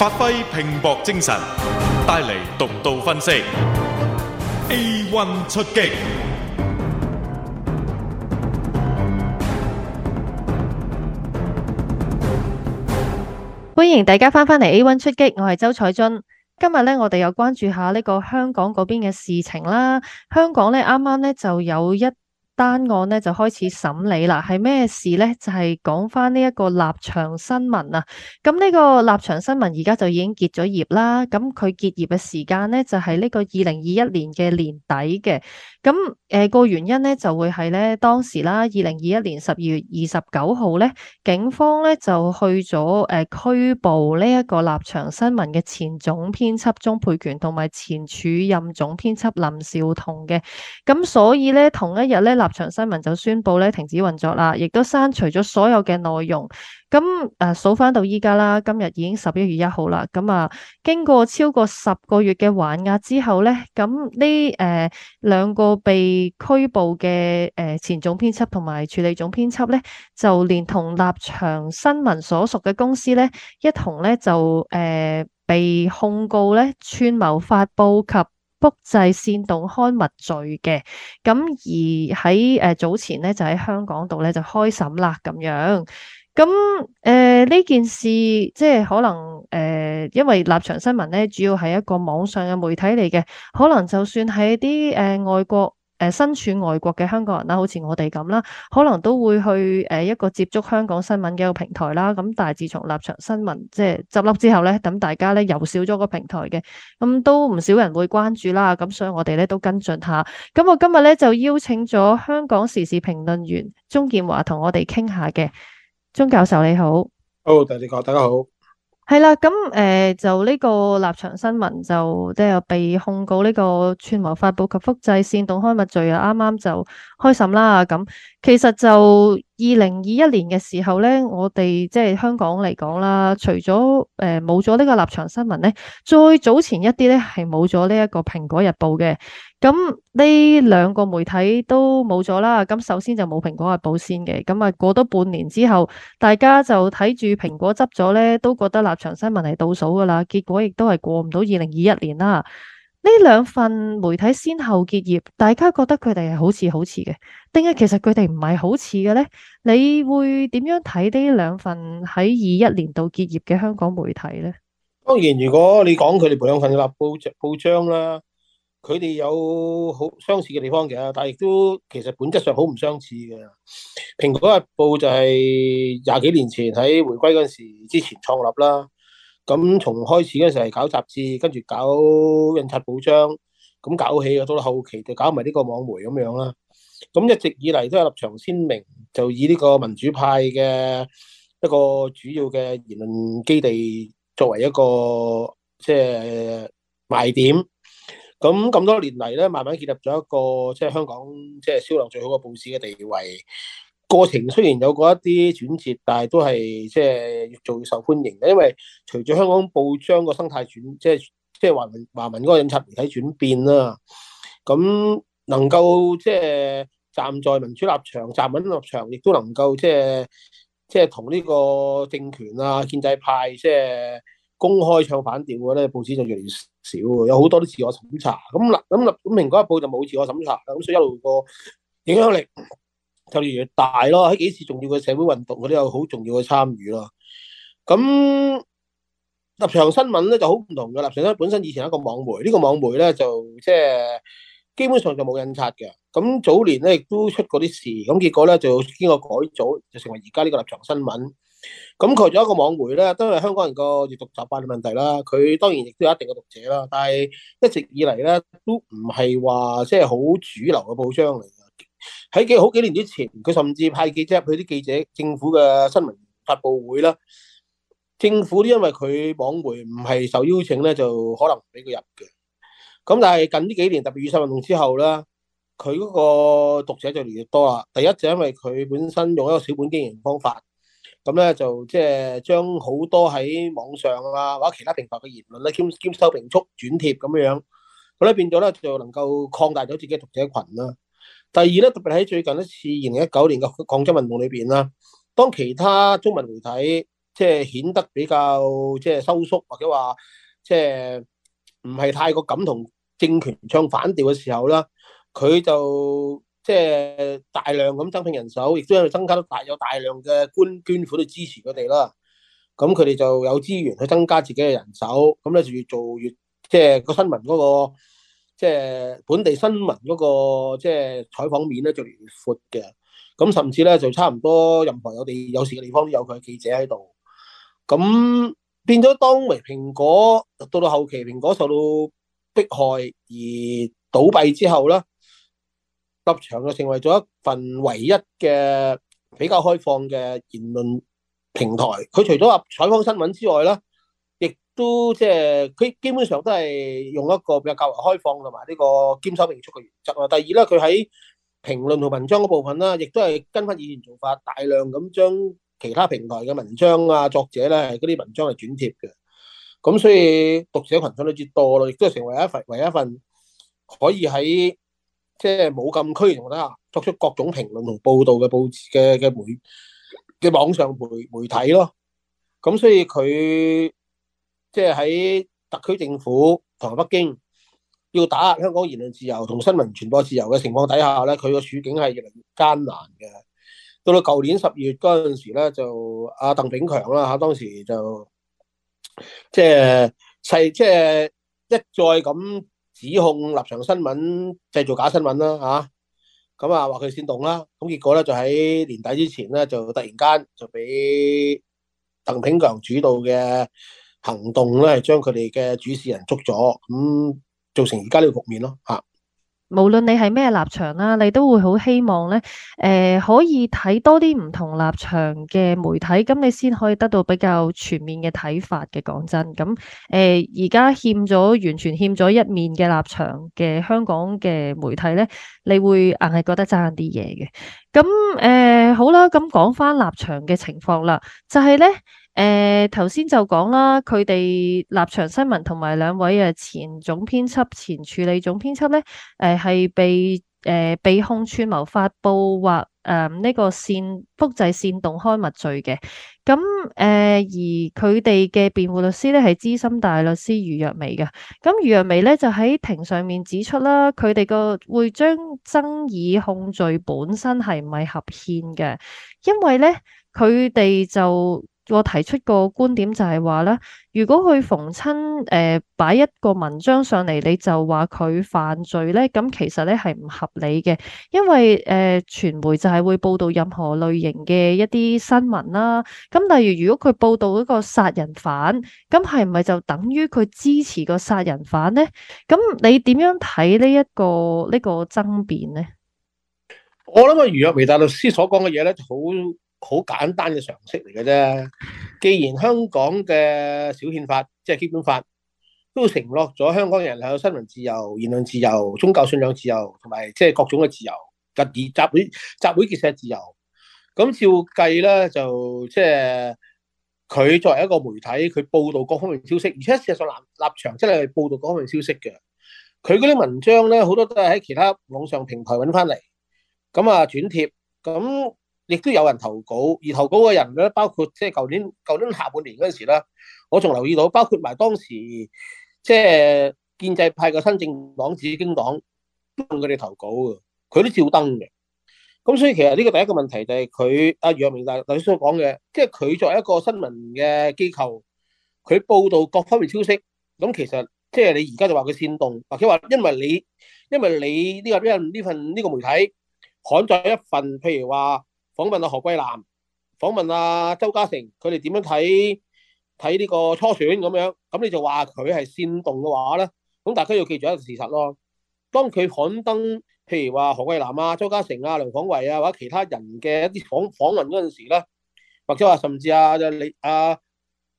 發揮拼搏精神，帶嚟獨到分析。A1 出擊，歡迎大家返返嚟 A1 出擊，我係周彩俊。今日咧，我哋又關注下呢個香港嗰邊嘅事情啦。香港咧，啱啱咧就有一單案呢就開始審理啦，係咩事呢？就係、是、講返呢一個立場新聞啊！咁呢個立場新聞而家就已經結咗業啦。咁佢結業嘅時間呢，就係、是、呢個二零二一年嘅年底嘅。咁、那、誒個原因呢，就會係呢：當時啦，二零二一年十二月二十九號呢，警方呢就去咗誒、呃、拘捕呢一個立場新聞嘅前總編輯鍾沛權同埋前署任總編輯林紹桐嘅。咁所以呢，同一日呢，立立場新聞就宣布咧停止運作啦，亦都刪除咗所有嘅內容。咁誒數翻到依家啦，今日已經十一月一號啦。咁啊，經過超過十個月嘅還押之後咧，咁呢誒兩個被拘捕嘅誒、呃、前總編輯同埋處理總編輯咧，就連同立場新聞所屬嘅公司咧，一同咧就誒、呃、被控告咧串謀發布及。複製煽動刊物罪嘅，咁而喺、呃、早前咧就喺香港度咧就開審啦咁樣，咁呢、呃、件事即係可能、呃、因為立場新聞咧主要係一個網上嘅媒體嚟嘅，可能就算喺啲、呃、外國。誒身處外國嘅香港人啦，好似我哋咁啦，可能都會去誒一個接觸香港新聞嘅一個平台啦。咁但係自從立場新聞即係執笠之後咧，咁大家咧又少咗個平台嘅，咁都唔少人會關注啦。咁所以我哋咧都跟進下。咁我今日咧就邀請咗香港時事評論員鍾建華同我哋傾下嘅。鍾教授你好，哈囉，大家好。係啦，咁誒、呃、就呢個立場新聞，就被控告呢個串謀發布及複製煽動刊物罪啊，啱啱就開審啦。咁其實就～二零二一年嘅時候呢，我哋即係香港嚟講啦，除咗誒冇咗呢個立場新聞呢，再早前一啲呢係冇咗呢一個蘋果日報嘅，咁呢兩個媒體都冇咗啦。咁首先就冇蘋果日報先嘅，咁啊過多半年之後，大家就睇住蘋果執咗呢，都覺得立場新聞係倒數㗎喇，結果亦都係過唔到二零二一年啦。呢兩份媒體先後結業，大家覺得佢哋係好似好似嘅，定係其實佢哋唔係好似嘅咧？你會點樣睇呢兩份喺二一年度結業嘅香港媒體咧？當然，如果你講佢哋兩份立報報章啦，佢哋有好相似嘅地方嘅，但係亦都其實本質上好唔相似嘅蘋果日報就係廿幾年前喺回歸嗰時之前創立啦。咁從開始嗰陣時係搞雜誌，跟住搞印刷報章，咁搞起啊，到咗後期就搞埋呢個網媒咁樣啦。咁一直以嚟都係立場鮮明，就以呢個民主派嘅一個主要嘅言論基地作為一個即係、就是、賣點。咁咁多年嚟咧，慢慢建立咗一個即係、就是、香港即係、就是、銷量最好嘅報紙嘅地位。過程雖然有過一啲轉折，但係都係即係越做越受歡迎嘅，因為隨住香港報章個生態轉，即係即係話華文嗰個印刷媒體轉變啦，咁能夠即係、就是、站在民主立場，站穩立場，亦都能夠、就是、即係即係同呢個政權啊、建制派即係、就是、公開唱反調嘅咧，報紙就越嚟越少，有好多都自我審查。咁立咁立咁，《蘋果日報》就冇自我審查，咁所以一路個影響力。做啲越大咯，喺幾次重要嘅社會運動，我都有好重要嘅參與咯。咁立場新聞咧就好唔同嘅，立場咧本身以前一個網媒，呢個網媒咧就即係基本上就冇印刷嘅。咁早年咧亦都出過啲事，咁結果咧就經過改組，就成為而家呢個立場新聞。咁佢作為一個網媒咧，都係香港人個閱讀習慣嘅問題啦。佢當然亦都有一定嘅讀者啦，但係一直以嚟咧都唔係話即係好主流嘅報章嚟。喺幾好幾年之前，佢甚至派記者入去啲記者政府嘅新聞發佈會啦，政府都因為佢網媒唔係受邀請咧，就可能唔俾佢入嘅。咁但係近呢幾年，特別雨傘運動之後啦，佢嗰個讀者就越嚟越多啦。第一就因為佢本身用一個小本經營方法，咁咧就即係將好多喺網上啊或者其他平台嘅言論咧，兼兼收並蓄轉貼咁樣樣，咁咧變咗咧就能夠擴大咗自己嘅讀者群啦。第二咧，特別喺最近一次二零一九年嘅抗爭運動裏邊啦，當其他中文媒體即係顯得比較即係收縮或者話即係唔係太過敢同政權唱反調嘅時候啦，佢就即係大量咁增聘人手，亦都係增加到大有大量嘅捐捐款去支持佢哋啦。咁佢哋就有資源去增加自己嘅人手，咁咧就越做越即係個新聞嗰個。即係本地新聞嗰個即係採訪面咧，就越嚟越闊嘅。咁甚至咧，就差唔多任何有地有事嘅地方都有佢嘅記者喺度。咁變咗，當為蘋果到到後期蘋果受到迫害而倒閉之後咧，立場就成為咗一份唯一嘅比較開放嘅言論平台。佢除咗話採訪新聞之外咧。都即係佢基本上都係用一個比較較為開放同埋呢個兼收並蓄嘅原則咯。第二咧，佢喺評論同文章嗰部分啦，亦都係跟翻以前做法，大量咁將其他平台嘅文章啊、作者咧係嗰啲文章嚟轉貼嘅。咁所以讀者羣分都至多咯，亦都係成為一份唯一一份可以喺即係冇禁區同底下作出各種評論同報道嘅報紙嘅嘅媒嘅網上媒媒體咯。咁所以佢。即係喺特區政府同埋北京要打壓香港言論自由同新聞傳播自由嘅情況底下咧，佢個處境係越嚟越艱難嘅。到到舊年十月嗰陣時咧，就阿鄧炳強啦、啊、嚇，當時就即係係即係一再咁指控立場新聞製造假新聞啦、啊、嚇，咁啊話佢煽動啦、啊，咁結果咧就喺年底之前咧就突然間就俾鄧炳強主導嘅。行動咧，將佢哋嘅主事人捉咗，咁、嗯、造成而家呢個局面咯吓。啊、無論你係咩立場啦，你都會好希望咧，誒、呃，可以睇多啲唔同立場嘅媒體，咁你先可以得到比較全面嘅睇法嘅。講真，咁誒，而、呃、家欠咗完全欠咗一面嘅立場嘅香港嘅媒體咧，你會硬係覺得爭啲嘢嘅。咁誒、呃，好啦，咁講翻立場嘅情況啦，就係、是、咧。誒頭先就講啦，佢哋立場新聞同埋兩位誒前總編輯、前處理總編輯咧，誒、呃、係被誒、呃、被控串謀發布或誒呢、呃這個煽複製煽動刊物罪嘅。咁、呃、誒而佢哋嘅辯護律師咧係資深大律師余若薇嘅。咁余若薇咧就喺庭上面指出啦，佢哋個會將爭議控罪本身係唔係合憲嘅，因為咧佢哋就。我提出個觀點就係話咧，如果佢逢親誒擺、呃、一個文章上嚟，你就話佢犯罪咧，咁其實咧係唔合理嘅，因為誒、呃、傳媒就係會報道任何類型嘅一啲新聞啦。咁例如如果佢報道嗰個殺人犯，咁係唔係就等於佢支持個殺人犯咧？咁你點樣睇呢一個呢、呢個爭辯咧？我諗啊，余若薇大律師所講嘅嘢咧，好。好簡單嘅常識嚟嘅啫。既然香港嘅小憲法，即係基本法，都承諾咗香港人有新聞自由、言論自由、宗教信仰自由同埋即係各種嘅自由。特會集會集會結社自由。咁照計咧，就即係佢作為一個媒體，佢報導各方面消息，而且事實上立立場真係報導各方面消息嘅。佢嗰啲文章咧，好多都係喺其他網上平台揾翻嚟，咁啊轉貼咁。亦都有人投稿，而投稿嘅人咧，包括即係舊年舊年下半年嗰陣時咧，我仲留意到，包括埋當時即係建制派嘅新政黨、紫荊黨都同佢哋投稿嘅，佢都照登嘅。咁所以其實呢個第一個問題就係，佢阿楊明大律師所講嘅，即係佢作為一個新聞嘅機構，佢報道各方面消息，咁其實即係你而家就話佢煽動，或者話因為你因為你呢、這個呢份呢份呢個媒體刊載一份，譬如話。訪問阿、啊、何桂藍，訪問阿、啊、鄒家成，佢哋點樣睇睇呢個初選咁樣？咁你就話佢係煽動嘅話咧，咁大家要記住一個事實咯。當佢刊登譬如話何桂藍、啊、鄒家成啊、梁晃維啊或者其他人嘅一啲訪訪問嗰陣時啦，或者話甚至啊李啊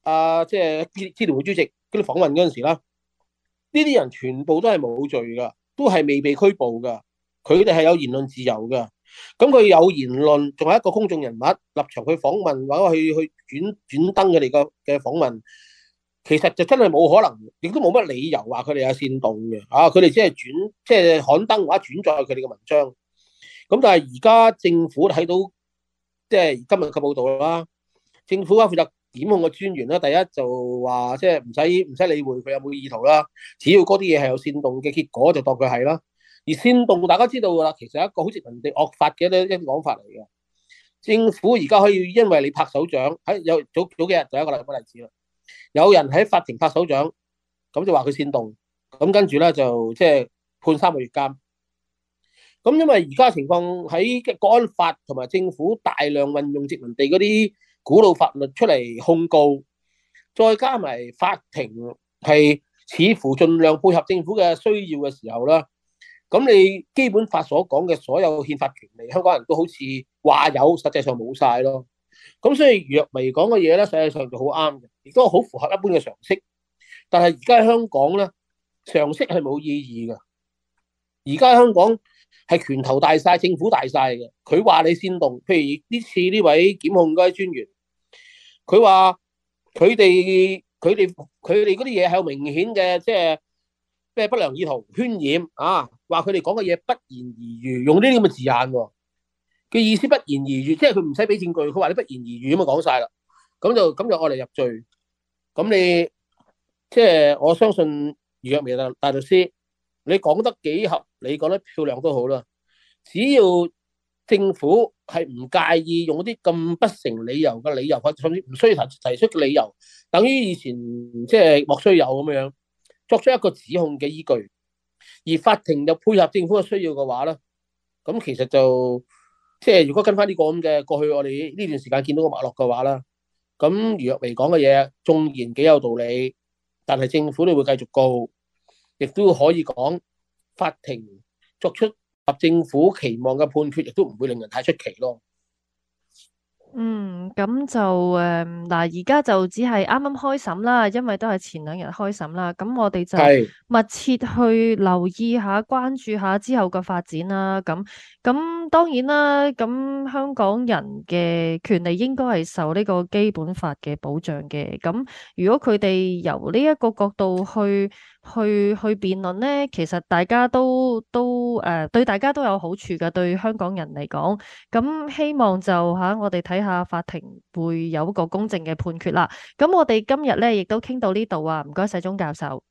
啊即係支支聯會主席嗰啲訪問嗰陣時啦，呢啲人全部都係冇罪噶，都係未被拘捕噶，佢哋係有言論自由噶。咁佢有言論，仲係一個公眾人物立場去訪問，或者去去轉轉登佢哋嘅嘅訪問，其實就真係冇可能，亦都冇乜理由話佢哋有煽動嘅啊！佢哋即係轉即係刊登或者轉載佢哋嘅文章。咁但係而家政府睇到即係今日嘅報道啦，政府啊負責檢控嘅專員啦，第一就話即係唔使唔使理會佢有冇意圖啦，只要嗰啲嘢係有煽動嘅結果，就當佢係啦。而煽動大家知道噶啦，其實係一個好似殖民地惡法嘅一一種講法嚟嘅。政府而家可以因為你拍手掌喺，有早早幾日就一個例例子啦，有人喺法庭拍手掌，咁就話佢煽動，咁跟住咧就即係判三個月監。咁因為而家情況喺國安法同埋政府大量運用殖民地嗰啲古老法律出嚟控告，再加埋法庭係似乎盡量配合政府嘅需要嘅時候咧。咁你基本法所講嘅所有憲法權利，香港人都好似話有，實際上冇晒咯。咁所以若薇講嘅嘢咧，實際上就好啱嘅，亦都好符合一般嘅常識。但係而家香港咧，常識係冇意義噶。而家香港係拳頭大晒、政府大晒嘅。佢話你煽動，譬如呢次呢位檢控嗰位專員，佢話佢哋佢哋佢哋嗰啲嘢係有明顯嘅，即係。咩不良意圖渲染啊？話佢哋講嘅嘢不言而喻，用呢啲咁嘅字眼，哦，佢嘅意思不言而喻，即係佢唔使俾證據，佢話你不言而喻咁啊，講晒啦，咁就咁就我嚟入罪。咁你即係、就是、我相信余若薇大律師，你講得幾合，你講得漂亮都好啦。只要政府係唔介意用啲咁不成理由嘅理由，或甚至唔需要提提出嘅理由，等於以前即係、就是、莫須有咁樣。作出一個指控嘅依據，而法庭又配合政府嘅需要嘅話咧，咁其實就即係、就是、如果跟翻呢、這個咁嘅過去，我哋呢段時間見到個脈絡嘅話啦，咁余若薇講嘅嘢縱然幾有道理，但係政府都會繼續告，亦都可以講法庭作出合政府期望嘅判決，亦都唔會令人太出奇咯。嗯，咁就誒，嗱、嗯，而家就只係啱啱開審啦，因為都係前兩日開審啦，咁我哋就密切去留意下，關注下之後嘅發展啦。咁，咁當然啦，咁香港人嘅權利應該係受呢個基本法嘅保障嘅。咁如果佢哋由呢一個角度去。去去辯論咧，其實大家都都誒、呃，對大家都有好處嘅，對香港人嚟講，咁希望就吓、啊、我哋睇下，法庭會有一個公正嘅判決啦。咁我哋今日咧亦都傾到呢度啊，唔該，世忠教授。